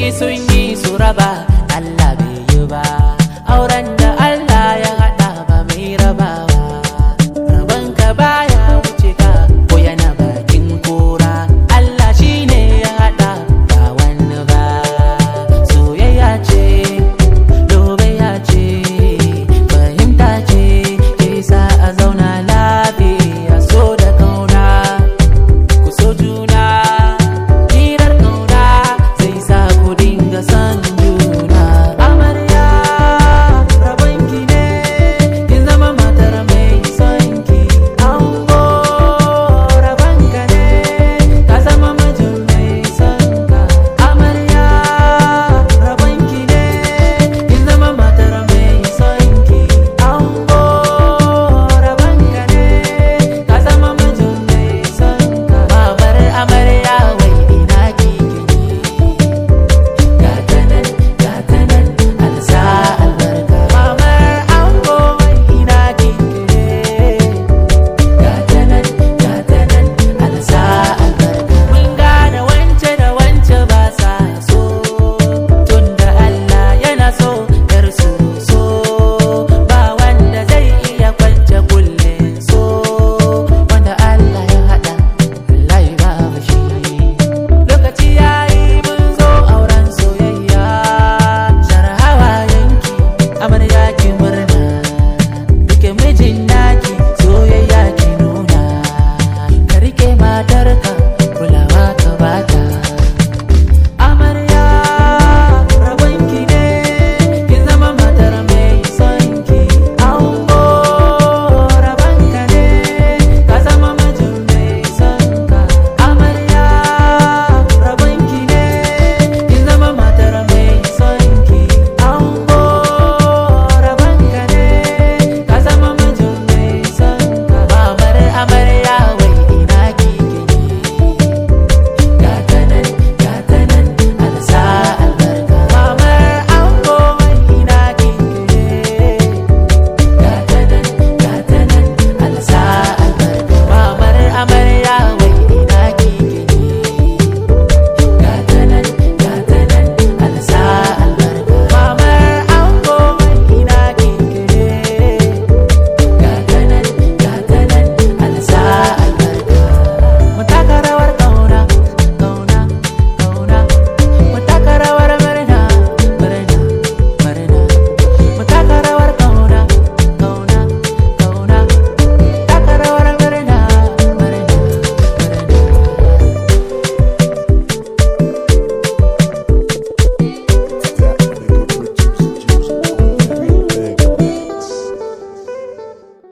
sun yi sun yi su raba Virginia.